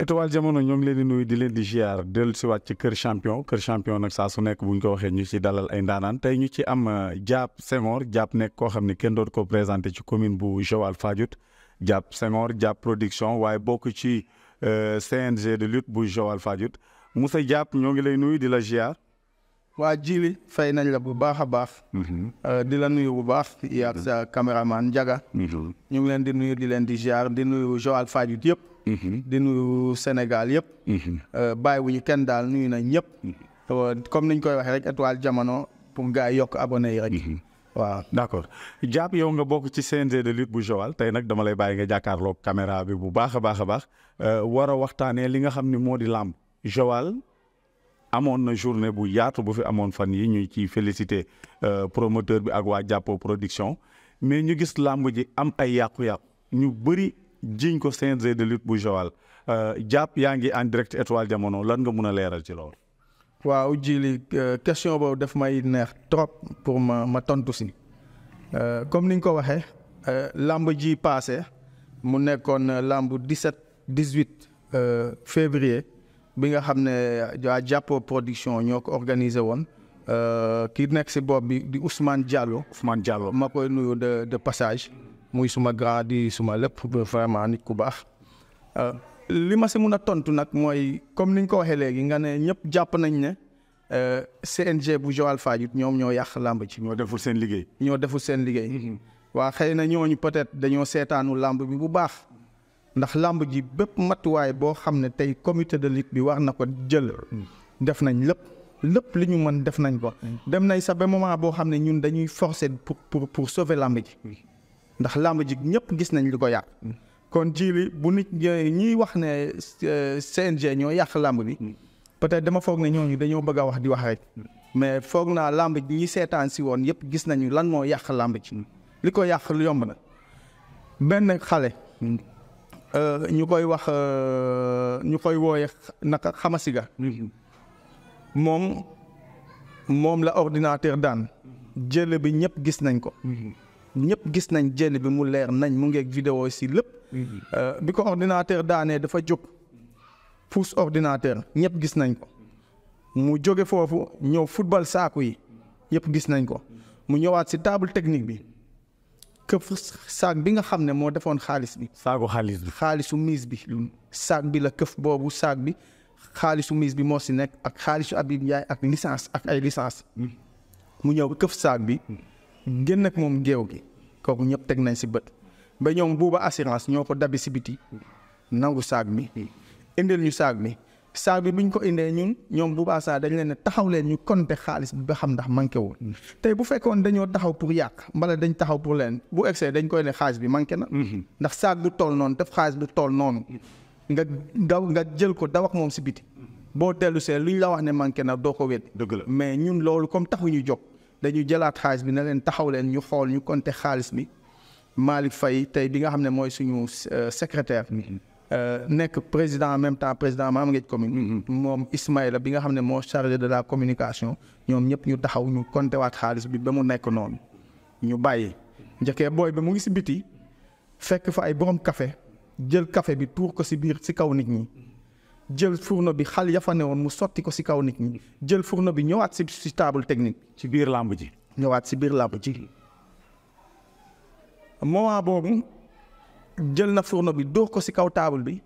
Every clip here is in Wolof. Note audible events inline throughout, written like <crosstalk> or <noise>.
étoile jamono ñoo ngi leen di nuyu di leen di ziar dellu si waat ci kër champion kër champion nag saa su nekk bu ñu ko waxee ñu ci dalal ay ndaanaan tey ñu ci am Diap Senghor Diap nekk koo xam ne kenn doot ko présenté ci commune bu Joal Fadiouth Diap Senghor Diap production waaye bokk ci Euh, CNG de lutte bu Joal Fadiouth Moussa Diap ñoo ngi lay nuyu di la ziar. waa jili fay nañ la bu baax a baax. Mhm. Euh, di la nuyu bu baax yaag mhm. sa caméraman Ndiaga. Mhm. ñu ngi leen di nuyu di leen di ziar di nuyu Joal Fadiouth yëpp. di nuyu Sénégal yëpp. Euh, bàyyi wuñu kenn daal nuyu nañ ñëpp. comme niñ koy waxee rek étoile jamono pour gars yi yokk abonné yi rek. waaw d' accord Diab yow nga bokk ci CNG de lutte bu Joal tey nag dama lay bàyyi nga jàkkaarloog caméra bi bu baax a baax a baax euh, war a waxtaanee li nga xam ni moo di làmb Joal amoon na journée bu yaatu bu fi amoon fan yi ñuy ci félicité euh, promoteur bi ak waa jàppoo production mais ñu gis làmb ji am ay yàqu-yàqu ñu bëri jiñ ko CNG de lutte bu Joal jàpp euh, yaa ngi en direct étoile jamono lan nga mun a leeral ci loolu. waaw jili euh, question boobu def may neex trop pour ma ma tontu si euh, comme ni nga ko waxee euh, lamb ji passé mu nekkoon lamb 17 18 euh février bi nga xamné ne waa jàppoo production ñoko ko won euh ki nekk ci bob bi di Ousmane Diallo. Ousmane Diallo ma koy nuyu de de passage muy suma grand di suma lepp vraiment nit ku bax. Euh li ma si mun a tontu nag mooy comme niñ ko waxee léegi nga ne ñëpp jàpp nañ ne euh, CNG bu Joal Fadiouth ñoom ñoo yàq làmb ji ñoo deful seen liggéey. ñoo deful seen liggéey. Mm-hmm. waa xëy na ñooñu peut-être dañoo seetaanu làmb bi bu baax ndax làmb ji bépp matuwaay boo xam ne tey commité de lutte bi wax na ko jël. Mm-hmm. def nañ lépp lépp li ñu mën def nañ ko. Mm-hmm. dem nañ sax ba moment boo xam ne ñun dañuy forcer pour pour pour sauver làmb ji. ndax làmb ji ñëpp gis nañ li ko yàq. kon jili bu nit ñiy wax ne euh, CNG ñoo yàq làmb bi mm. peut-être dama foog ne ñooñu dañoo bëgg a wax di wax rek mm. mais foog naa làmb ji ñi seetaan si woon yëpp gis nañu lan moo yàq làmb ji mm. li ko yàq yomb na benn xale euh, ñu koy wax euh, ñu koy wooye naka xamasiga moom moom la ordinateur daan jële bi ñëpp gis nañ ko ñëpp gis nañ jël bi mu leer nañ mu ngeeg vidéo si lépp. Mhm. Euh, bi ko ordinateur daanee dafa jóg pousse ordinateur ñëpp gis nañ ko. mu jóge foofu ñëw football saaku yi yëpp gis nañ ko mu ñëwaat si table technique bi këpp saak bi nga xam ne moo defoon xaalis bi. saaku xaalis bi xaalisu miis bi. saak bi la këf boobu saak bi xaalisu miis bi moo si nekk ak xaalisu Habib yaay ak licence ak ay licence mhm. mu ñëw këf saak bi mhm. génn ak moom géew gi kooku ñëpp teg nañ si bët ba ñoom buuba assurance ñoo ko dabi si biti nangu saag mi indil ñu saag bi saag bi biñ ko indee ñun ñoom buuba saa dañ leen taxaw leen ñu compter xaalis bi ba xam ndax manqué wul tey bu fekkoon dañoo taxaw pour yàq mbala dañ taxaw pour leen bu excès dañ koy ne xaalis bi manqué na mhm. ndax saag du tool noonu def xaalis du tool noonu nga daw nga jël ko daw ak moom si biti boo dellu see luñ la wax ne manqué na doo ko wét dëgg la mais ñun loolu comme taxuñu jóg dañuy jëlaat xaalis bi na leen taxaw leen ñu xool ñu conté xaalis bi Malick fay tey bi nga xam ne mooy suñu euh, secrétaire. Mm-hmm. Euh, nekk président en même temps président maam ngeen commune. Mm-hmm. moom Ismaïla bi nga xam ne moo chargé de la communication ñoom ñëpp ñu taxaw ñu conté waat xaalis bi ba mu nekk noonu ñu bàyyi. njëkkee booy ba mu ngi si biti fekk fa ay borom kafe jël kafe bi tuur ko si biir si kaw nit ñi. jël furno bi xal ya fa ne woon mu sotti ko si kaw nit ñi jël furno bi ñëwaat si si table technique. ci biir làmb ji. ñëwaat si biir làmb ji. moment boobu jël na furno bi dóor ko si kaw table bi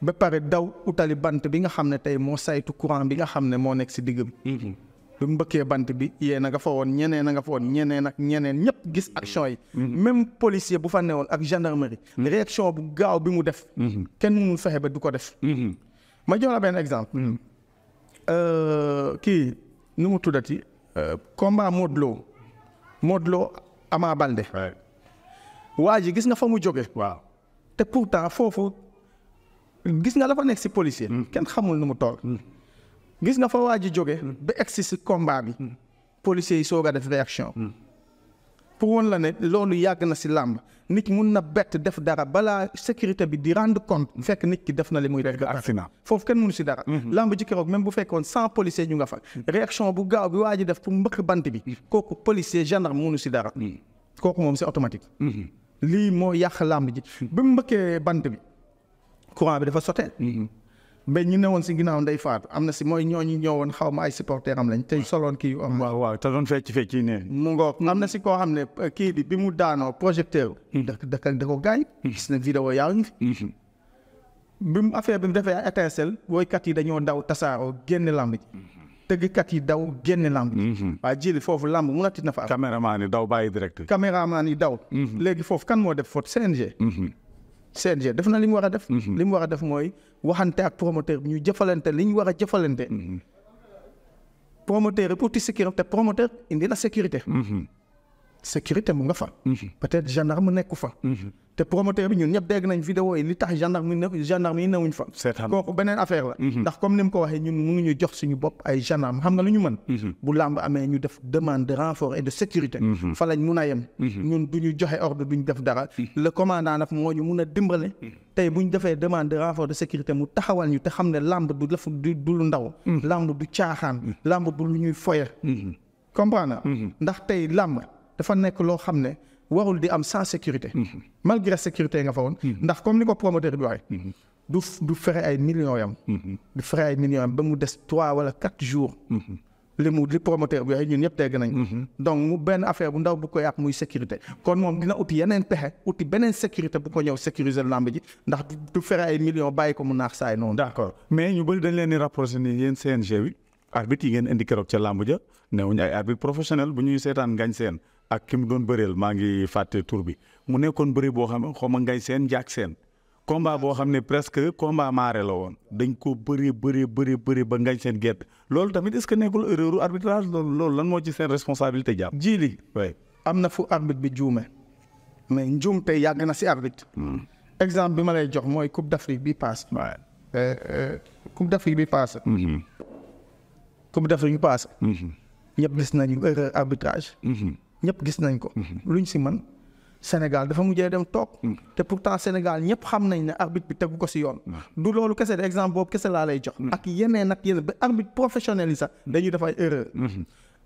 ba pare daw utali bant bi nga xam ne tey moo saytu courant bi nga xam ne moo nekk si digg bi. Mhm. bi mu mbëkkee bant bi yee na nga fa woon ñeneen a nga fa woon ñeneen ak ñeneen ñëpp gis action yi mhm. Mhm. même policier bu fa newoon ak gendarmerie mhm. réaction bu gaaw bi mu def kenn mu fexe ba du ko def ma jox la benn exemple euh, kii nu mu tuddati euh, comme Modou Lo Modou Lo Ama ji gis nga fa mu jóge waaw te pourtant foofu gis nga dafa nekk si policier kenn xamul nu mu toll gis nga fa waa ji jóge ba egsi si combat bi hmm. policiers yi soog a def réaction hmm. pour woon la ne loolu yàgg na si làmb nit mun na bet def dara balaa sécurité bi di rendre compte hmm. fekk nit ki def na li muy def accident foofu kenn mënu si dara làmb ji keroog même bu fekkoon san policier ñu nga fa réaction bu gaaw bi waa ji def pour mbëkk bant bi kooku policier gendarme mënu si dara kooku moom c'est automatique lii moo yàq làmb ji bi mu mbëkkee bant bi courant bi dafa mais ñi ne woon si ginnaaw ndey faatu am na si mooy ñooñu ñëwoon xaw ma ay supporter am lañ tey soloon kii. waaw waaw te doon fecc fecc yi am na si koo xam ne euh, kii bi bi mu daanoo projecteur. Hmm. da da da ko gaañ. Hmm. na vidéo yaa ngi fi. Hmm. bi mu affaire bi mu defee ay étincelle woykat yi dañoo daw tasaa génne lamb ji. tëggkat yi daw génne lamb ji. waa foofu lamb mu na fa am. caméraman yi daw bàyyi direct. caméraman yi daw. léegi foofu kan moo def faute CNG. CNG def na li mu war a def. Mhm. li mu war a def mooy waxante ak promoteur bi ñu jëfalante li ñu war a jëfalante. Mhm. promoteur yi pour ti sécurité promoteur indi la sécurité. Mhm. sécurité mu nga fa. Mhm. peut-être gendarme nekku fa. Mhm. te promoteur bi ñun ñëpp dégg nañ vidéo yi li tax gendarme ne gendarme yi newuñ fa. kooku beneen affaire la. Mhm. ndax comme ni ko waxee ñun mu ñu jox suñu bopp ay gendarme xam nga lu ñu mën. bu làmb amee ñu def demande de et de sécurité. fa lañ mun a ñun du ñu joxe ordre duñ def dara. le commandant nag moo ñu mun a dimbale. tey bu ñu defee demande de de sécurité mu taxawal ñu te xam ne làmb du def dafa nekk loo xam ne warul di am sans sécurité. malgré sécurité nga fa woon. ndax comme ni ko promoteur bi waxee. du du fere ay millions yam. du fere ay millions yam ba mu des trois wala quatre jours. li mu li promoteur bi waxee ñun ñëpp tegg nañ donc mu benn affaire bu ndaw bu ko yàq muy sécurité kon moom dina uti yeneen pexe uti beneen sécurité bu ko ñëw sécuriser lamb ji ndax du fere ay millions bàyyi ko mu naax saay noonu. d' accord mais ñu bëri dañ leen di rapproché ni yéen CNG bi arbitre yi ngeen indi keroog ca lamb ja newuñu ay arbitre professionnel bu ñuy seetaan ngañ seen. ak ki mu doon bëreel maa ngi fàtte tur bi mu nekkoon bëri boo xam ne xaw ma ngay seen njaag seen combat boo xam ne presque combat maare la woon dañ ko bëri bëri bëri bëri ba ngañ seen gerte loolu tamit est-ce que nekkul erreur arbitrage loolu loolu lan moo ci seen responsabilité ji li am na fu arbitre bi juume mais njuumte yàgg na si arbitre. Hmm. exemple bi ma lay jox mooy coupe d'Afrique bi paase. Euh, euh, coupe d'Afrique bi paase. Hmm. coupe d'Afrique bi paase. Hmm. ñëpp nañu erreur arbitrage. ñëpp gis nañ ko. Mhm. lu ñu si man Sénégal dafa mujjee dem toog. Mhm. te pourtant Sénégal ñëpp xam nañ ne arbitre bi tegu ko si yoon. du loolu kese de exemple boobu kese laa lay jox. Mhm. ak yeneen ak yeneen ba arbitre professionnel yi sax dañuy def ay erreur.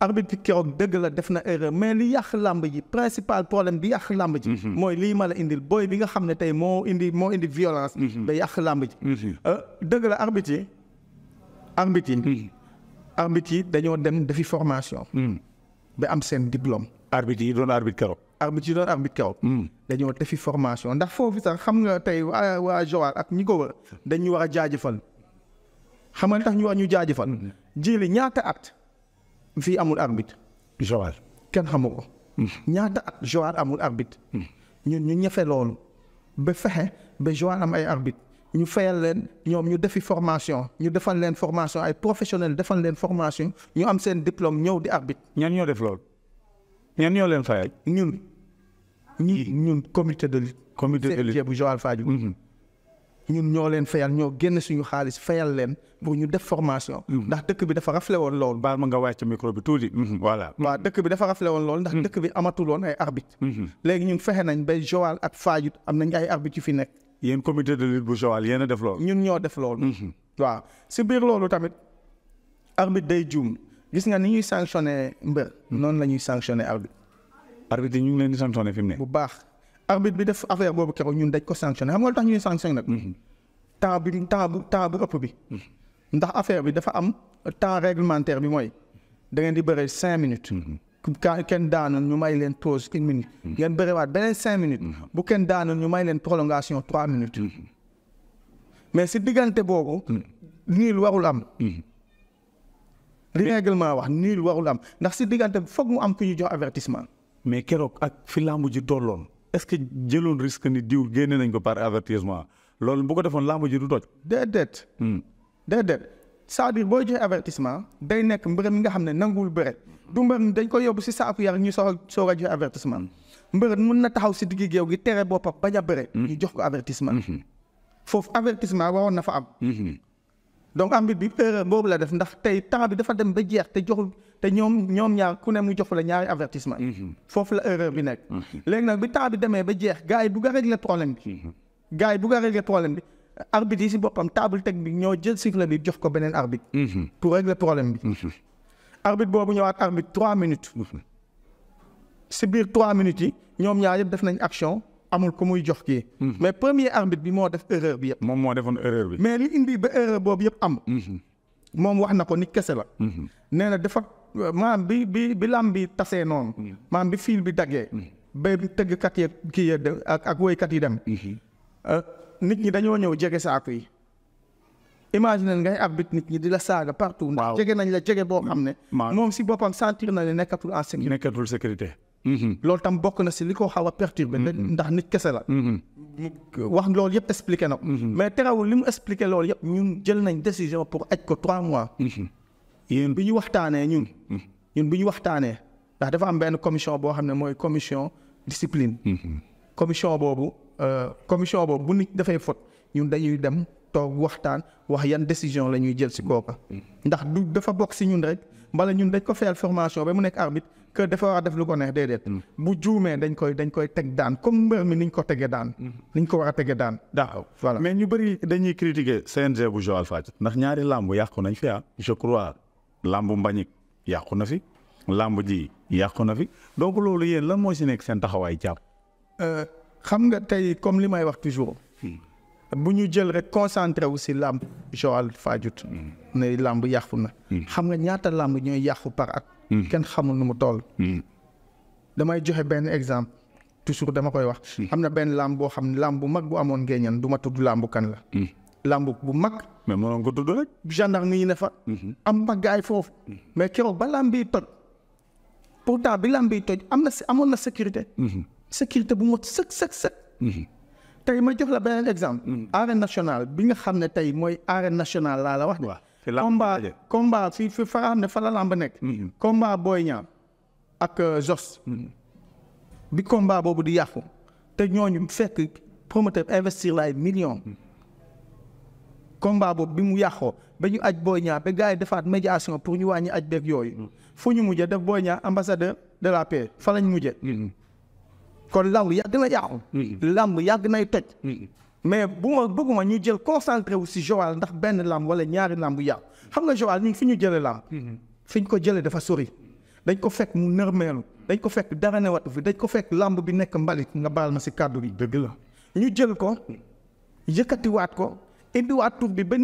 arbitre bi keroog dëgg la def na erreur mais li yàq làmb ji principal problème bi yàq làmb ji. mooy lii ma la indil booy bi nga xam ne tey moo indi moo indi violence. ba yàq làmb ji. Euh, dëgg la arbitre yi. arbitre yi. arbitre yi dañoo dem defi formation. ba am seen diplôme. arbitre yi doon arbitre keroog. arbitre yi doon arbitre keroog. Hmm. dañoo defi formation ndax foofu sax xam nga tey waa waa Joal ak ñi ko wër dañuy war a jaajëfal xam nga tax ñu war ñu jaajëfal. Hmm. jili ñaata at fii amul arbitre. Joal kenn xamu ko. Hmm. ñaata at Joal amul arbitre. ñun ñu ñefe loolu ba fexe ba Joal am ay arbitre ñu fayal leen ñoom ñu defi formation ñu defal leen formation ay professionnel defal leen formation ñu am seen diplôme ñëw di arbitre. ñan ñoo def loolu. ñan ñoo leen fay ñun. ñi ñun comité de lutte. comité de lutte bu Joal Fadiouth. Mm-hmm. ñun ñoo leen fayal ñoo génn suñu xaalis fayal leen pour ñu def formation. Mm-hmm. ndax dëkk bi dafa raflé woon lool. baal ma nga wàcc micro bi tuuti. Mm-hmm. voilà waaw dëkk bi dafa raflé woon lool. ndax dëkk bi amatul woon ay arbitre. léegi ñun fexe nañ bay Joal ak Fadiouth am nañ ay arbitre yu fi nekk. yéen comité de lutte bu Joal yéen a def lool. ñun ñoo def lool. waaw si biir loolu tamit arbitre day juum. gis nga ni ñuy sanctionné mbër. Hmm. noonu la ñuy sanctionné arbitre. arbitre ñu ngi leen di sanctionné fi mu ne. bu baax arbitre bi def affaire boobu keroog ñun daj ko sanctionné xam tax ñuy sanctionné nag. Hmm. temps bi temps bu temps bu ëpp bi. Hmm. ndax affaire bi dafa am temps réglementaire bi mooy da ngeen di bëre cinq minutes. ka kenn daanu ñu may leen pause une minute. ngeen bëriwaat beneen cinq minutes. bu kenn daanu ñu may leen prolongation trois minutes. mais si diggante boobu. niil warul am. li règlement wax nul warul am ndax si diggante foog mu am ku ñu jox avertissement. mais keroog ak fi làmb ji tolloon est-ce que jëloon risque ni diw génne nañ ko par avertissement loolu bu ko defoon làmb ji du toj. déedéet. Hmm. déedéet c'est-à-dire booy joxe avertissement day nekk mbër mi nga xam ne nanguwul bëre du mbër dañ ko yóbbu si saaku yar ñu soog a soog a joxe avertissement mbër mun na taxaw si digg géew gi tere boppam bañ a bëre. Hmm. ñu jox ko avertissement. Hmm. foofu avertissement waroon na fa am. donc arbitre bi erreur boobu la def ndax tey temps bi dafa dem ba jeex te joxul te ñoom ñoom ñaar ku ne mu jox la ñaari avertissement. Mhm. foofu la erreur bi nekk. Mhm. léegi nag bi temps bi demee ba jeex gars yi bugg a régler problème bi. Mhm. gars yi bugg a régler problème bi. arbitre yi si boppam table technique ñoo jël sifflet bi jox ko beneen arbitre. pour régler problème bi. arbitre boobu ñëwaat arbitre trois minutes. si biir trois minutes yi ñoom ñaar yëpp def nañu action. amul ku muy jox kii. Mhm. mais premier arbitre bi moo def erreur bi yëpp. moom moo defoon erreur bi. mais li indi ba erreur boobu yëpp am. Mhm. moom wax na ko nit kese la. Mhm. nee na dafa maam bi bi bi lam bi tasee noonu. maam bi fiil bi daggee. ba kat yi kii ak ak woykat yi dem. Euh, nit ñi dañoo ñëw jege saako yi. imagine ngay arbitre nit ñi di la saaga partout. waaw jege nañ la jege boo xam ne. moom si boppam sentir na ne nekkatul en sécurité. nekkatul sécurité. Mm-hmm. loolu tam bokk na si li ko xaw a perturbé. Mm-hmm. ndax nit kese la. Mm-hmm. wax loolu yëpp expliqué na ko. mais terewul li mu expliqué loolu yëpp ñun jël nañ décision pour aj ko trois mois. yéen bi ñu waxtaanee ñun. ñun bi ñu waxtaanee ndax dafa am benn commission boo xam ne mooy commission discipline. commission boobu euh, commission boobu bu nit dafay fot ñun dañuy dem toog waxtaan wax yan décision la ñuy jël si kooka. ndax du dafa bokk si ñun rek mbala ñun dañ ko fayal formation ba mu nekk arbitre. que dafa war a def lu ko neex déedéet. Mm. bu juumee dañ koy dañ koy teg daan comme mbër mi niñ ko tege daan. Mm. niñ ko wax a tegee daan. daa voilà mais ñu bëri dañuy critiquer CNG bu al Fadiouth ndax ñaari làmb yàqu nañ fi ah. je crois làmb Mbagnick yàqu na fi. làmb ji yàqu na fi donc loolu yéen lan moo si nekk seen taxawaay jàpp. Euh, xam nga tey comme li may wax toujours. Hmm. bu ñu jël rek concentré wu si làmb Joal Fadiouth. Hmm. ne làmb yàqu na. Hmm. xam nga ñaata làmb ñooy yàqu par at. Hmm. kenn xamul nu mu toll. Hmm. damay joxe benn exemple toujours dama koy wax. Hmm. am na benn làmb boo xam ne làmb bu mag bu amoon ngéeñan du duma tudd làmb kan la. làmb bu mag. mais mënoon ko tudd rek. gendarme yi ne fa. am ma gaay foofu. mais keroog ba làmb yi toj. pourtant bi làmb yi toj am na amoon na sécurité. sécurité bu mot sëkk sëkk sëkk. tey ma jox la beneen exemple. arène nationale bi nga xam ne tey mooy arène nationale laa la wax. combat combat fi fi fa xam ne fa làmb nekk. combat booy Niang ak euh, Jos. Mm. bi combat boobu di yàqu. te ñooñu fekk promoteur investir la ay millions. Mm. combat boobu bi mu yàqoo ba ñu aj Boy Niang ba gars yi defaat médiation pour ñu wàññi aj beeg yooyu. Mm. fu ñu mujjee def Boy Niang ambassadeur de la paix fa lañ mujjee. kon lamb yàgg na yàqu. lamb yàgg nay toj. mais beaucoup on bëgguma concentré aussi Joal ndax benn lamb wala ñaari lamb ya xam nga Joal ñun fiñu ñu lamb. de mhm. ko jëlee dafa sori. dañ ko fekk mu dañ ko fekk dara fi dañ ko fekk lamb bi nga la ñu jël ko ko bi ba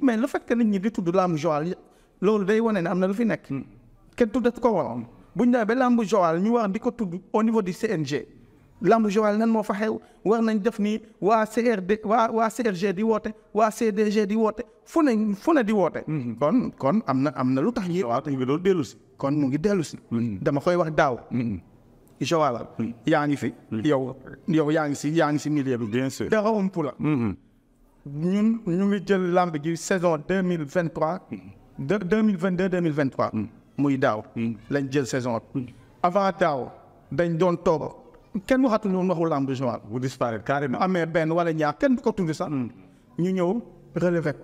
mais le fait que nit ñi di tudd lamb Joal loolu day wone lu fi nekk. Mm. nous ko au niveau du CNG. lamb Joal nan moo fa xew war nañ def nii waa cr waa waa CRG di woote waa CDG di woote fu ne fu ne di woote. Hmm, kon kon am na am na lu tax. waaw tax bi loolu dellu si. kon mu ngi dellu si. Hmm. dama koy wax daaw. Hmm. Joal yaa ngi fi. yow yow yaa ngi si yaa ngi si milieu bi. bien sûr dara ñun ñu ngi jël lamb gi saison deux mille vingt trois. deux deux mille vingt deux deux mille vingt trois. muy daaw. lañ jël saison. avant daaw dañ doon toog. kenn waxatuñu woon waxu lamb joal. bu disparaître carrément. amee benn wala ñaar kenn du ko tudd sax. Mm. ñu ñëw relever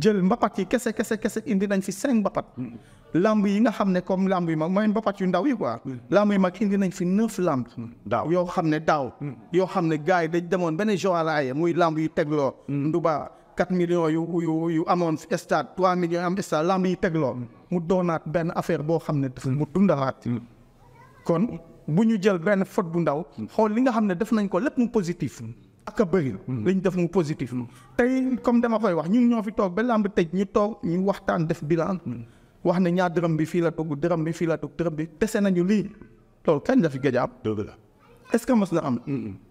jël mbapat yi kese kese kese indi nañ fi cinq mbapat. Mm. lamb yi nga xam ne comme làmb yi mag mooy mbapat yu ndaw yi quoi. Mm. lamb yi mag indi nañ fi neuf lamb. daaw yoo xam ne daaw. yoo xam ne gars yi dañ demoon benn joalaaye muy làmb yu tegloo. nduba quatre millions yu yu yu amoon stade trois millions am stade lamb yi tegloo. mu doonaat benn affaire boo xam ne. mu bu ñu jël benn faute bu ndaw xool li nga xam ne def nañ ko lépp mu positif ak a bëri mm. lañ def mu positif mm. tey comme dama koy wax ñun ñoo fi toog ba làmb tëj ñu toog ñu waxtaan def bilan mm. wax ne ñaar dërëm bi fii la tugg dërëm bi fii la tugg dërëm bi tese nañu lii loolu kañ la fi gëj a am est-ce que mos na am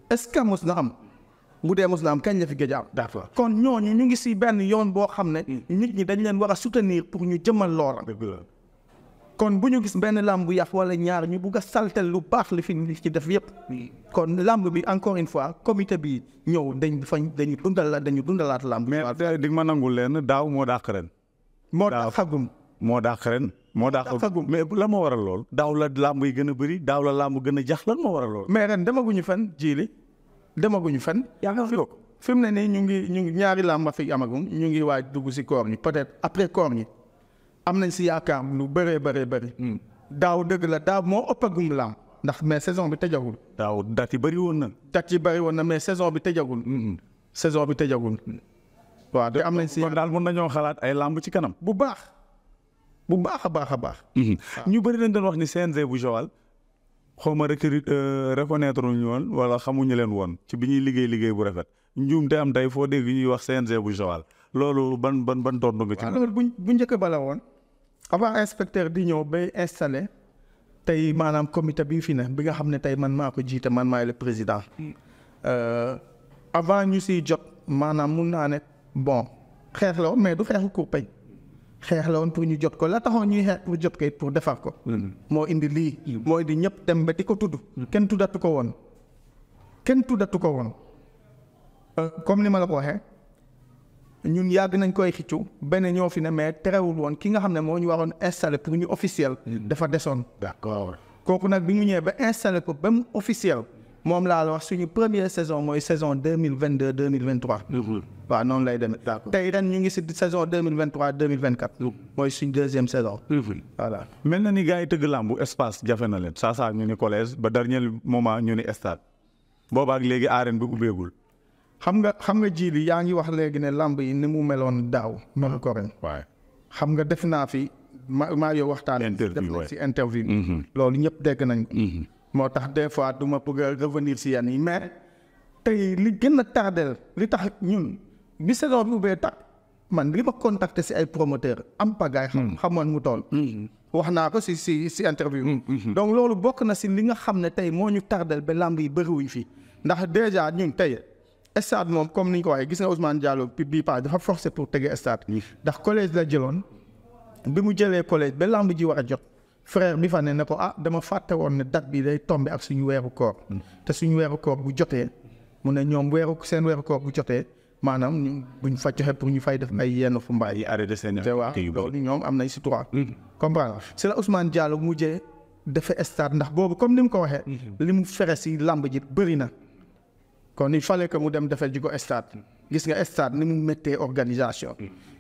est-ce que mos na am bu dee mos na am kañ la fi gëj a kon ñooñu ñu ngi si benn yoon boo xam ne nit ñi dañu leen war a soutenir pour ñu jëmal loola kon bu ñu gis benn làmb yàq wala ñaar ñu bugg a saltel lu baax li fi li ci def yëpp. kon làmb bi encore une fois comité bi ñëw dañ fañ dañu dundal dañu dundalaat làmb. mais di nga ma nangul leen daaw moo dàq ren. moo dàq xagum moo daax ren. moo dàq xagum mais la moo waral lool. daaw la làmb yi gën a bëri daaw la làmb gën a jax lan moo waral lool. mais ren demaguñu fenn jiili demaguñu fenn. yaa nga fi mu ne nii ñu ngi ñu ngi ñaari làmb fi amagum ñu ngi waaj dugg si koor ñi peut-être après koor ñi. am nañ si yaakaar lu bëree baree bari hmm. daaw dëgg la daaw moo ëpp agum laa ndax mais saison bi tëjagul. daaw dat yi bëri woon na. dat yi bëri woon na mais saison bi tëjagul. Hmm, hmm. saison bi tëjagul. waa de am nañ si kon daal mën nañoo xalaat ay làmb ci kanam. bu baax bu baax a baax a baax. ñu bëri dañ doon wax ni CNG bu Joal xaw ma euh, reconnaître ñu woon wala xamuñu leen woon ci bi ñuy liggéey liggéey bu rafet njuum te am tey foo dégg ñuy wax CNG bu Joal loolu ban ban ban tontu nga ci. waaw loolu bu njëkk ba woon. avant inspecteur di ñëw bay installé tey maanaam comité bi fi ne bi nga xam ne tey man maa ko jiite man maay le président mm. euh, avant ñu siy jot maanaam mun naa ne bon xeex la woon mais du xeexu Cour Peine xeex la woon pour ñu jot ko la taxoon ñuy xeex pour jot ko it pour defar ko. Mm. moo indi lii. Mm. moo indi ñëpp dem ba di ko tudd. kenn tuddatu ko woon. kenn tuddatu ko woon. Euh, comme ni ma la ko waxee. ñun yàgg nañ koy xiccu benn ñoo fi ne mais terewul woon ki nga xam ne moo ñu waxoon installé pour ñu officiel. Mm. dafa desoon. kooku nag bi ñu ñëwee ba installé ko ba mu officiel. moom laa la wax suñu première saison mooy saison deux mille vingt deux deux mille vingt trois. Mm-hmm. waaw noonu lay demee. ngi si saison deux mille vingt trois deux mille vingt quatre. Mm. mooy suñ deuxième saison. Mm-hmm. voilà. mel na ni gars yi tëgg làmbu espace jafe na leen saa saa ñu ni collège ba dernier moment ñu ni stade boobaak léegi arène bi ubbeegul. xam nga xam nga ji li yaa ngi wax léegi ne làmb yi ni mu meloon daaw. noonu ko ren xam nga def naa fi ma maa yow waxtaan. interview si interview. Mm-hmm. loolu ñëpp dégg nañ ko. Mm-hmm. moo tax des fois du bëgg a revenir si yan yi mais tey li gën a tardel li tax ñun bi saison bi ubbee tax man li ma contacté si ay promoteur am pagaay xam mm-hmm. xamoon mu tool wax naa ko si si si interview donc loolu bokk na si li nga xam ne tey moo ñu tardel ba làmb yi bëriwuñ fi ndax dèjà ñun tey stade moom comme ni ñu ko waxee gis nga Ousmane Diallo bii paa dafa forcé pour tege stade. ndax collège la jëloon bi mu jëlee collège ba lamb ji war a jot frère bi fa ne ne ko ah dama fàtte woon ne date bi day tombe ak suñu weeru koor. te suñu weeru koor bu jotee mu ne ñoom weeru seen weeru koor bu jotee maanaam ñu buñ fa joxe pour ñu fay def ay yenn fu mbaay yi arrêté seen te waaw loolu ñoom am nañ si droit. comprendre c'est la Ousmane Diallo mujjee dafa stade ndax boobu comme ni mu ko waxee. li mu fere si lamb ji bëri na. kon ni fallait que mu dem defal ji ko stade gis nga stade ni mu méttee organisation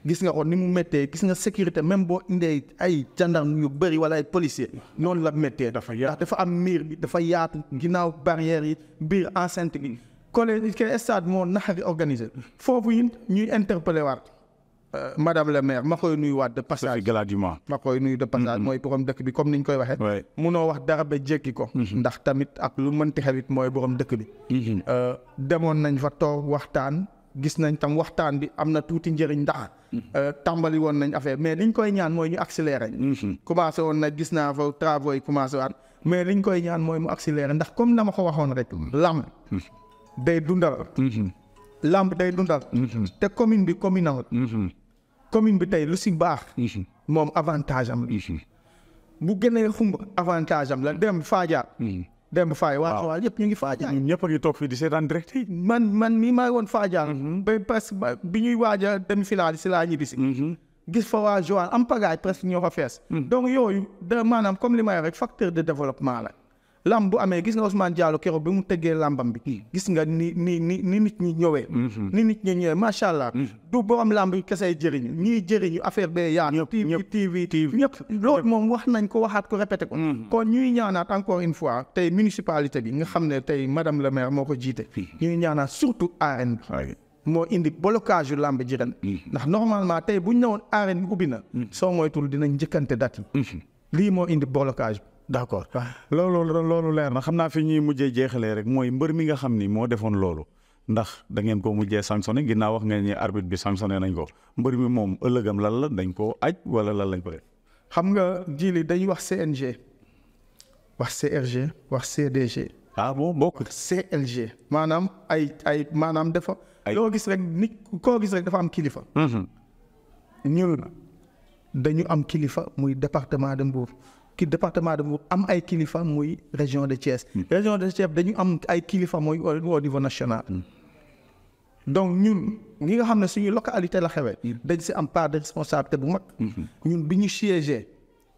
gis nga ko ni mu méttee gis nga sécurité même boo indee ay gendarme yu bëri wala ay policier noonu la méttee dafa ndax dafa am miir bi dafa yaatu ginnaaw barrière yi biir enceinte bi collège ke stade moo naxari organisé foofu ñuy interpellé waat Euh, madame le maire ma koy nuyuwaat de passage. ma koy nuyu de passage. mooy borom dëkk bi comme ni ñu koy waxee. munoo wax dara ba jékki ko. Mm-hmm. ndax tamit ak lu mënti xewit mooy borom dëkk bi. Mm-hmm. Euh, demoon nañ fa toog waxtaan. gis nañ tam waxtaan bi am na tuuti njëriñ ndax. Mm-hmm. Euh, tàmbali woon nañ affaire mais liñ koy ñaan mooy ñu accéléré. commencé woon na gis naa fa travaux yi waat mais liñ koy ñaan mooy mu accéléré ndax comme na ma ko waxoon rek. lamb day dundal. lamb day dundal. te commune bi communal. commune bi tey lu si baax. moom avantage am la. bu gënee xumb avantage am la dem faajaar. dem faay waa xawaal yëpp ñu ngi faajaar. ñëpp ñu ngi toog fii di seetaan direct man man mii maa won faaja mhm. ba parce que bi ñuy waaja dem filaal si laa ñibbi si. Mhm. gis fa waa Joal am pagaay presque ñoo fa fees. Mhm. donc yooyu da maanaam comme li may rek facteur de développement la. lamb bu amee gis nga Ousmane Diallo keroog bi mu tëggee lambam bi gis nga ni ni ni ni nit ñi ñëwee mhm. ni nit ñi ñëwee macha allah mhm. du borom lamb yi kesey jëriñu ñii jëriñu affaire bee yaa TV TV ñëpp moom wax nañ ko waxaat ko répété ko mhm. kon ñuy ñaanaat encore une fois tey municipalité bi nga xam ne tey madame le maire moo ko jiite ñuy ñaanaat surtout arène moo indi blocage yu làmb ji ren ndax normalement tey bu ñu ne woon arène ubbi na soo moytul dinañ njëkkante date yi lii moo indi blocage d' accord loolu loolu leer na xam naa fi ñuy mujjee jeexalee rek mooy mbër mi nga xam ni moo defoon loolu ndax da ngeen ko mujjee sanctionné ginnaaw wax ngeen ni arbitre bi sanctionné nañ ko mbër mi moom ëllëgam lan la dañ koo aj wala lan lañ ko def. xam nga jili dañuy wax CNG wax CRG wax CDG. ah bon maanaam ay ay maanaam defa ay loo gis rek nit koo gis rek dafa am kilifa. Mhm. ñun dañu am kilifa muy département de Mbour. qui département de am ay kilifa moy région de Thiès. Hmm. région de Thiès dañu am ay kilifa moy au niveau national. Hmm. donc ñun ñi nga xam suñu localité la xewé hmm. dañ ci am part de responsabilité bu mag. ñun biñu ñu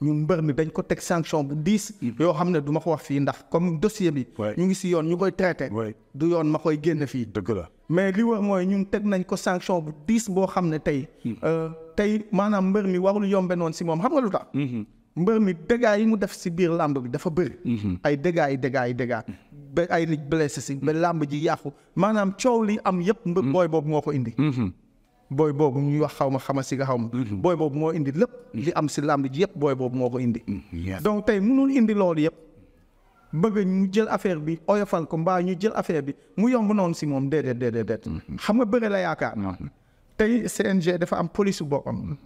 ñun mbër mi dañ ko tek sanction bu 10 yoo xam ne du ko wax fii ndax comme dossier bi. ñu ngi si yoon ñu koy traité. du yoon ma koy génn fii. dëgg la mais li wax moy ñun tek nañ ko sanction bu 10 bo xam tay euh tay manam mbër mi warul yombe noonu si mom xam nga lu tax. mbër mi dégâts yi mu def si biir làmb bi dafa bëri. Mhm. ay dégâts yi dégâts yi dégâts. ba ay nit blessé si ba làmb ji yàqu maanaam coow li am yëpp. mbër mhm. booy boobu moo ko indi. Mhm. booy boobu ñuy wax xaw ma xama si nga xaw ma. booy boobu moo indi lépp. li am si làmb ji yëpp booy boobu moo ko indi. donc tey mënul indi loolu yëpp. bëgg ñu jël affaire bi oyofal ko mbaa ñu jël affaire bi mu yomb noonu si moom déedéet déedéet. xam nga bëre la yaakaar. tey CNG dafa am police boppam.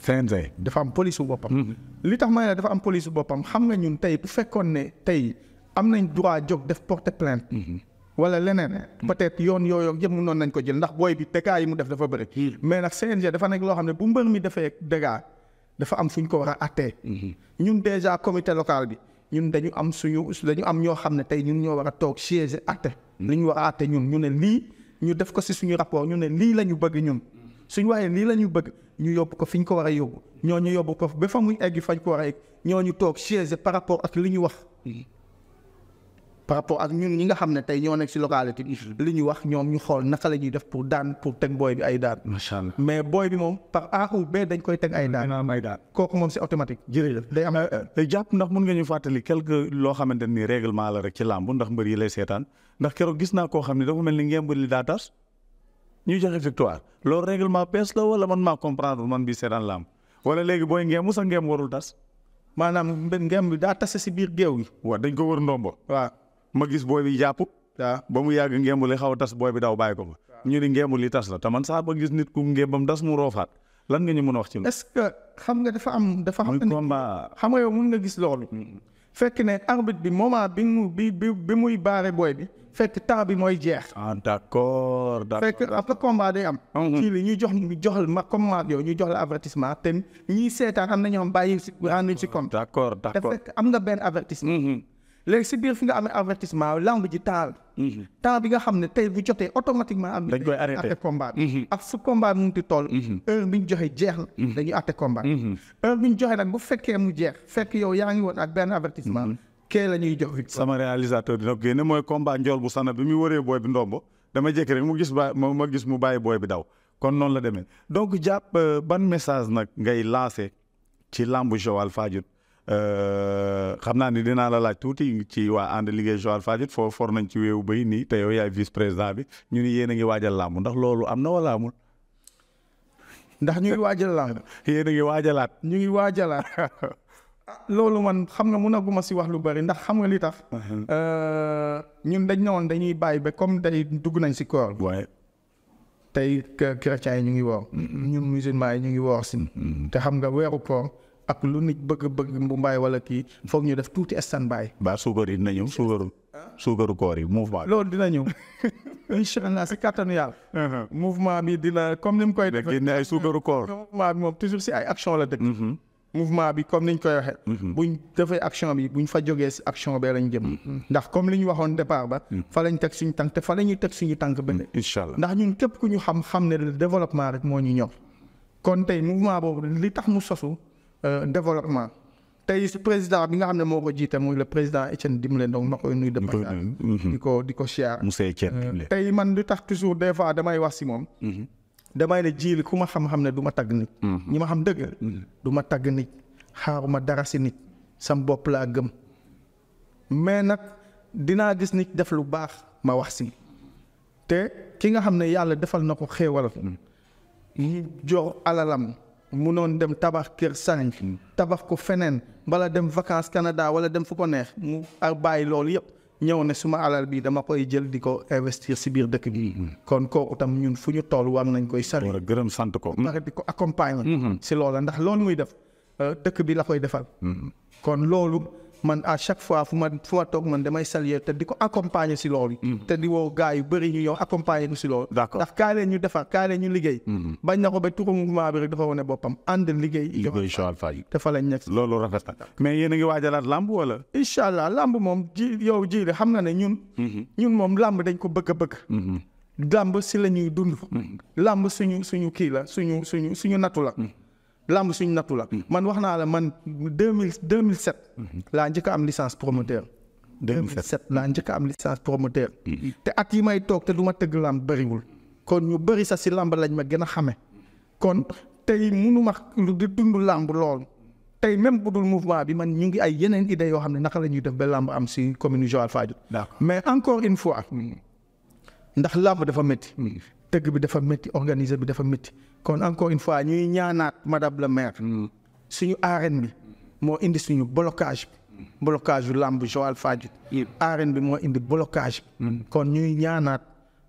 CNG dafa am police su boppam. Hmm. li tax may la dafa am police su boppam xam nga ñun tey bu fekkoon ne tey am nañ droit jóg def porter plainte. Hmm. wala leneen. Hmm. peut-être yoon yooyu yëpp noon nañ ko jël ndax booy bi dégâts yi mu def dafa bëri. mais nag CNG dafa nekk loo xam ne bu mbër mi defee dégâts dafa am suñ ko war a attee. ñun déjà comité locale bi ñun dañu am suñu dañu am ñoo xam ne tey ñun ñoo war a toog siège atte. li ñu war a atte ñun ñu ne lii ñu def ko si suñu rapport ñu ne lii la ñu bëgg ñun. ñu yóbbu ko fi ñu ko war a yóbbu ñoo ñu yóbbu ko ba fa muy egg fañ ko war a egg ñoo ñu toog chaise par rapport ak li ñu wax par rapport ak ñun ñi nga xam ne tey ñoo nekk si localité bi li ñu wax ñoom ñu xool naka la ñuy def pour daan pour teg booy bi ay daan. macha allah mais booy bi moom par A ou B dañ koy teg ay daan. ay daan kooku moom c'est automatique. jërëjëf day am euh, euh, jàpp ndax mun nga ñu fàttali quelque loo xamante ni règlement la rek ci làmb ndax mbër yi lay seetaan ndax keroog gis naa koo xam ne dafa mel ni ngeen bëri daa ñu joxe victoire lo règlement pes la wala man ma comprendre man bi seetaan lam wala légui boy ngeemu sa ngeem warul tas manam benn ngeem bi da tassé ci biir géew gi wa dañ ko wër ndombo wa ma gis boy bi japp waaw ba mu yag ngeemu li xaw tas bi daw bàyyi ko fa ñu ni ngeemu li tas la ta man sa ba gis nit ku bam das mu rofat lan nga ñu mën wax ci est ce que xam nga dafa am dafa am combat xam nga yow mun nga gis loolu fekk ne arbitre bi moment bi mu bi bi muy baare booy bi fekk temps bi mooy jeex. ah d'accord d'accord fekk a combat day am. fii li ñuy jox ñu jox la ma comme maag yow ñu jox la avertissement te ñiy seetaan am na ñoo xam bàyyi si ànd si compte. d'accord d'accord te fekk am nga benn avertissement. léegi si biir fi nga amee avertissement lamb ji temps mhm. temps bi nga xam ne tey bu jotee automatiquement am dañ koy arrêté combat bi mhm. ak su combat bi munti toll mhm. heure joxe jeex na dañuy arrêté combat heure bi ñu joxe nag bu fekkee mu jeex fekk yow yaa ngi woon ak benn avertissement kee la ñuy jox sama réalisateur dina ko génne mooy combat njool bu sana bi muy wëree booy bi ndombo dama jékki rek mu gis ba ma gis mu bàyyi booy bi daw kon noonu la demee donc jàpp euh, ban message nag ngay lancé ci lambu Joal Fadiouth Euh, xam naa ni dinaa la laaj tuuti ci waa ànd liggéey Joal Fadiouth foo for nañ ci weewu béy nii te yow yaay vice président bi ñu ni yéen a ngi waajal làmb ndax loolu am na wala ñu ngi waajal làmb. <laughs> waajalaat. ñu ngi waajalaat <laughs> ah, loolu man xam nga mënaguma si wax lu bari ndax xam nga li tax. <laughs> Uh-huh. Euh, ñun dañ ne woon dañuy bàyyi ba comme day dugg nañ si koor. waaye. tey chrétiens yi ñu ngi woor. ñun musulman yi ñu ngi woor si. te xam nga weeru koor. ak lu nit bëgg-bëgg mbumbaay wala kii foog ñu def tuuti baay baa suukar yi dina ñëw suukaru. suukaru koor yi mouvement. loolu dina ñëw <laughs> incha allah si kattanu yàlla. Uh-huh. mouvement bi dina comme ni mu koy. defee ne ay suukaru koor. <laughs> mouvement bi moom si ay action la dëkk. Mm-hmm. mouvement bi comme ñu koy waxee. bu mm-hmm. buñ defee action bi ñu fa jógee si action bee lañ jëm. Mm-hmm. ndax comme li ñu waxoon départ ba. fa lañ teg suñu tànk te fa la ñuy teg suñu tànk benn. incha allah ndax ñun képp ku ñu xam xam ne développement rek moo ñu ñor. kon tey mouvement boobu li tax mu sosu. Euh, développement tey si président bi nga xam ne moo ko jiite muy la président Etienne Dimle Ndong ma koy nuyu de passage di ko di ko siyaar euh, tey man lu tax toujours des fois damay wax si moom mm-hmm. damay ne jiili ku ma xam-xam ne du ma tagg nit mm-hmm. ñi ma xam dëgg mm-hmm. du ma tagg nit xaaruma dara si nit sam bopp laa gëm mais nag dinaa gis nit def lu baax ma wax si te ki nga xam ne yàlla defal na ko xéewal mu jox alalam munoon dem tabax kër sanañ tabax ko feneen bala dem vacances Canada wala dem fu ko neex mu ar bàyyi loolu yëpp ñëw ne suma alal bi dama koy jël di ko investir si biir dëkk bi mm-hmm. kon kooku tam ñun fu ñu toll war nañ koy sari a gërëm sant ko pare di ko accompagner si mm-hmm. loola ndax loolu muy def euh, dëkk bi la koy defal mm-hmm. kon loolu man à chaque fois fu ma fu ma toog man damay saluer te di ko accompagner si loolu. Mm-hmm. te di woo gars yu bëri ñu yow accompagner ñu si loolu. d'accord ndax ñu defar kaay ñu liggéey. Mm-hmm. bañ na ko ba turu mouvement bi rek dafa wane boppam ànd liggéey. liggéey incha allah te fa lañ nekk. loolu rafet na mais yéen a ngi waajalaat lamb wala. incha allah lamb moom ji yow ji de xam na ne ñun. Mm-hmm. ñun moom làmb dañ ko bëgg a bëgg. lamb si la ñuy dund. lamb suñu suñu kii la suñu suñu suñu nattu la. làmb suñ nattu la. Hmm. man wax naa la man deux mille deux mille sept. laa njëkk am licence promoteur. deux mille laa njëkk a am licence promoteur. te at yi may toog te du ma tëgg làmb bëriwul. kon ñu bëri sax si làmb lañ ma gën a xame kon tey munu ma lu di dund làmb lool. tey même bu dul mouvement bi man ñu ngi ay yeneen idées yoo xam ne naka la ñuy def ba làmb am si commune Joal Fadiouth mais encore une fois. ndax làmb dafa métti. Hmm. tëgg bi dafa métti organiser bi dafa métti kon encore une fois ñuy ñaanaat madame le maire mm, suñu arène bi moo indi suñu blocage bi blocage bu làmb Joal Fadiouth arène bi moo indi blocage mm. kon ñuy ñaanaat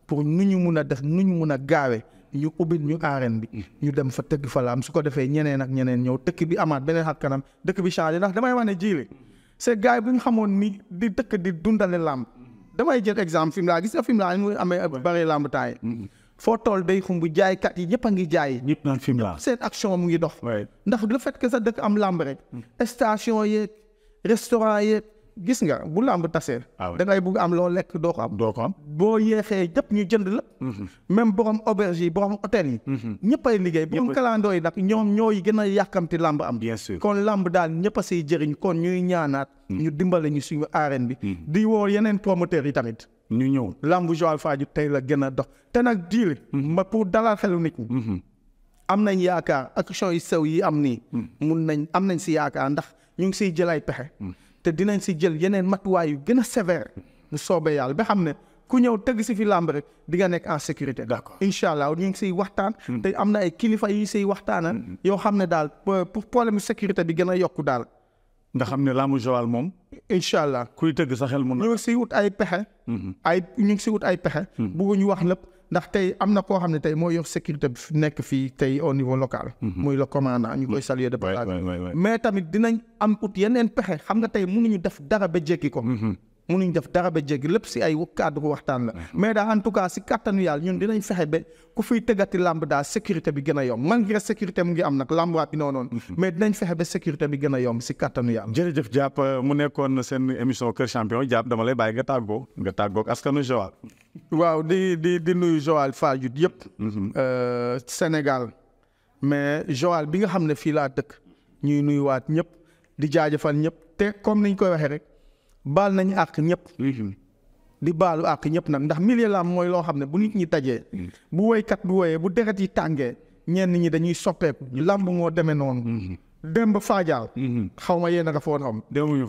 pour nu ñu mun a def nu ñu mun a gaawee ñu ubbil ñu arène bi mm. ñu dem fa tëgg fa laam su ko defee ñeneen ak ñeneen ñëw tëkk bi amaat beneen xat kanam dëkk bi changé ndax damay wax ne jiile c'est gars yi bu ñu xamoon ni di dëkk di dundale làmb damay jël exemple film laa gis nga film laa ñu amee bari làmb taay foo tool day xumb kat yi ñëpp ngi jaay. ñëpp naan film seen action mu ngi dox. ndax le fait que sa dëkk am làmb rek. station yeeg restaurant yeeg gis nga bu làmb tasee. Ah da ngay bugg am loo lekk doo ko am. doo boo yéexee ñëpp ñu jënd la. Mm-hmm. même borom auberge yi borom hôtel yi. Mm-hmm. ñëpp ay liggéey borom kalandoo yi nag ñoom ñooy gën a yàkkamti làmb am. bien sûr kon làmb daal ñëpp a say jëriñ kon ñuy ñaanaat. Mm. ñu dimbale ñu suñu arène bi. Mm. di woo yeneen promoteurs yi tamit. ñu ñëw lambu Joal Fadiouth tey la gën a dox te nag diir ma mhm. pour dalal xelu nit ñi. Mhm. am nañ yaakaar action yu sew yi am nii. Mhm. mun nañ am nañ si yaakaar ndax ñu ngi siy jël ay pexe. te dinañ si jël yeneen matuwaay yu gën a sévère. mu soobee yàlla ba xam ne ku ñëw tëgg si fi làmb rek di nga nekk en sécurité. d'accord incha allah ñu ngi siy waxtaan. te am na ay kilifa yu siy waxtaanal. yoo xam ne daal pour problème sécurité bi gën a yokku daal. nga xam ne laamu Joal moom. incha allah kuy tëgg sa xel mun na. ñu ngi si wut ay pexe. ay ñu ngi si wut ay pexe. bëgguñu wax lépp ndax tey am na koo xam ne tey moo yor sécurité bi nekk fii tey au niveau local. muy le commandant ñu koy saluer de passage. mais tamit dinañ am ut yeneen pexe xam nga tey mënuñu def dara ba jekki ko. munuñ def dara ba jéggi lépp si ay kàddu ko waxtaan la mhm. mais daa en tout cas si kàttanu yàlla ñun dinañ fexe ba ku fiy tëggati làmb daa sécurité bi gën a yomb malgré sécurité mu ngi am nag làmb waat bi noonu mhm. mais dinañ fexe ba sécurité bi gën a yomb si kàttanu yàlla jërëjëf jàpp euh, mu nekkoon seen émission Kër Champion jàpp dama lay bàyyi nga tàggoo nga tàggoo ak askanu Joal waaw di di di nuyu Joal Fadiouth yëpp mhm. euh, Sénégal mais Joal bi nga xam ne fii laa dëkk ñuy nuyuwaat ñëpp di jaajëfal ñëpp te comme niñ koy waxee rek baal nañu àq ñëpp. Mhm. di baalu àq ñëpp nag ndax milieu lam mooy loo xam ne bu nit ñi dajee. Mhm. bu woykat bu woyee bu deret yi tàngee ñenn ñi dañuy soppeeku. Mhm. làmb moo demee noonu. démb faajaal. xaw ma yéen a nga fa woon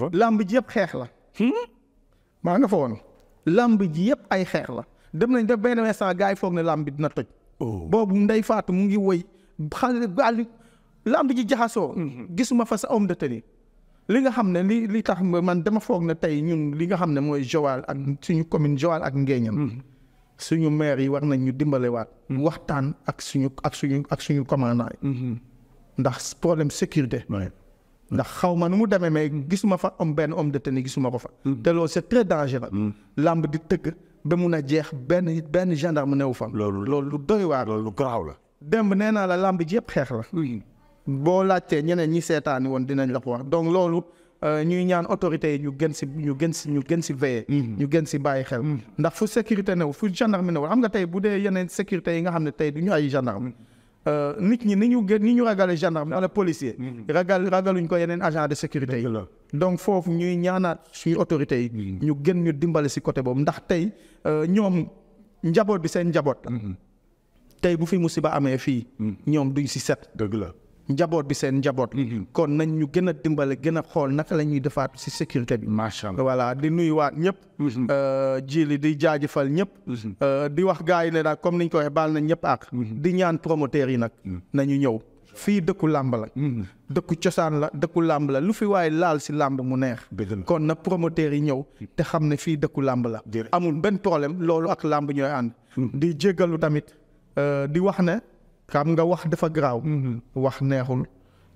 fa làmb ji yëpp xeex la. Hmm? maa nga fa woon. làmb ji yëpp ay xeex la. dem nañ def benn instant gars yi foog ne làmb bi dina toj. Oh. boobu ndey faatu mu ngi woy xale làmb ji jaxasoo. gisuma fa sa homme de tenue. li nga xam ne li li tax man dama foog ne tey ñun li nga xam ne mooy Joal ak suñu commune Joal ak Ngéeñan mm. suñu maire yi war nañ ñu dimbalewaat. Mm. waxtaan ak suñu ak suñu ak suñu commandant yi. Mm-hmm. ndax problème sécurité. ndax xaw ma nu mu demee mais gisuma fa om benn homme de tenue gisuma ko fa. Mm. te loolu c'est très dangereux. làmb di tëgg ba mun a jeex benn benn gendarme newu fa. loolu loolu lu doy waar. loolu lu garaaw la. demb nee naa la làmb ji yëpp xeex la. boo laajtee ñeneen ñi seetaan woon dinañ la ko wax donc loolu euh, ñuy ñaan autorité yi ñu gën si ñu gën si ñu gën si veiller. Mm-hmm. ñu gën si bàyyi xel. Mm-hmm. ndax fu sécurité new fu gendarme new xam nga tey bu dee yeneen sécurité yi nga xam ne tey du ñu ay gendarme. Euh, nit ñi ni ñu gën ni ñu ragale gendarme wala policier. Mm-hmm. ragal ragaluñ ko yeneen agent de sécurité yi. donc foofu ñuy ñaanaat suñu autorité yi. ñu gën ñu dimbale si côté boobu ndax tey euh, ñoom njaboot bi seen njaboot. tey bu fi musiba amee fii. ñoom duñ si set. dëgg la. njaboot bi seen njaboot. Mhm. kon nañ ñu gën a dimbale gën a xool naka la ñuy defaat si sécurité bi. macha allah voilà di nuyuwaat ñëpp. Mhm. Euh, jili di jaajëfal ñëpp. Mhm. Euh, di wax gars yi ne daal comme ni ñu ko waxee baal na ñëpp ak di ñaan promoteurs yi nag. nañu ñëw fii dëkku làmb la. dëkku cosaan la dëkku làmb la lu fi waaye laal si làmb mu neex. kon na promoteurs yi ñëw te xam ne fii dëkku làmb la. amul benn problème loolu ak làmb ñooy ànd. di jéggalu tamit euh, di wax ne. xam nga wax dafa garaaw. Mm-hmm. wax neexul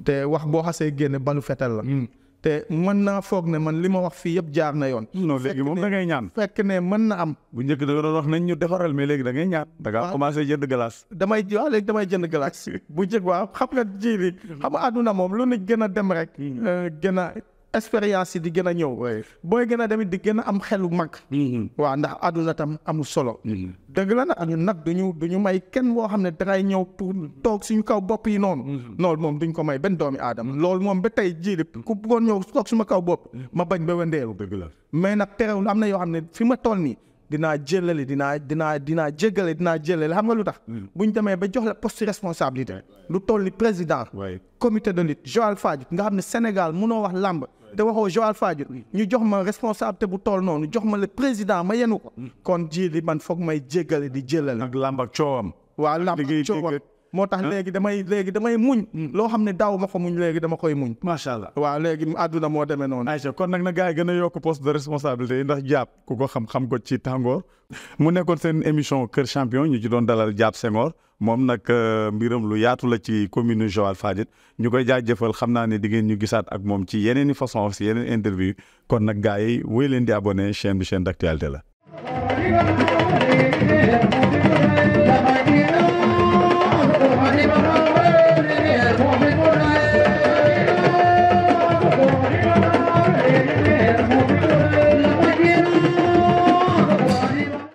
te wax boo xasee génne balu fetal la. Mm-hmm. te mën naa foog ne man li ma wax fii yëpp jaar na yoon. non léegi moom da ngay ñaan. fekk ne mën na am. bu njëkk da nga doon wax nañ ñu defaral mais léegi da ngay ñaan. da ngaa jënd glace. damay waaw léegi damay jënd glace <laughs> bu njëkk waa xam nga ji li xam àdduna moom lu ne gën a dem rek. Mm-hmm. Euh, gën a expérience yi di gën a ñëw. booy gën a tamit di gën a am xelu mag. Mm-hmm. waa ndax àdduna tam amul solo. Mm-hmm. dëgg la nag ñun nag duñu duñu may kenn boo xam ne dangay ñëw toog suñu kaw bopp yi noonu. Mm-hmm. loolu moom duñ ko may benn doomi aadama. loolu moom ba tey jii ku bëggoon ñëw toog suma kaw bopp ma bañ ba wëndeelu. dëgg la mais nag terewul am na yoo xam ne fi ma toll nii. dinaa jëlale dinaa dinaa dinaa jégale dinaa jëlale xam nga lu tax. Hmm. bu ñu demee ba jox la poste responsabilité. lu toll ni président. comité de lutte Joal Fadiouth nga xam ne Sénégal mënoo wax làmb. waxo waxoo Joal Fadiouth ñu jox ma responsabilité bu tool noonu jox ma le président ma yenu hmm. kon ji li man foog may jégale di jëlale. ak làmb ak coowam. waaw làmb ak coowam moo tax ah. léegi damay léegi damay muñ. Hmm. loo xam ne daaw ma ko muñ léegi dama koy muñ. macha allah waaw léegi àdduna moo demee noonu. Aïcha kon nag na gars yi gën a yokk poste de responsabilité yi ndax Diab ko ko xam-xam ko ci tàngoor mu nekkoon seen émission Kër Champion ñu ci doon dalal Diab Senghor moom nag euh, mbiram lu yaatu la ci commune Joal Fadiouth ñu koy jaajëfal xam naa ne di ngeen ñu gisaat ak moom ci yeneen i façon si yeneen interview kon nag gars yi wéy leen di abonné chaîne bi chaîne d'actualité la.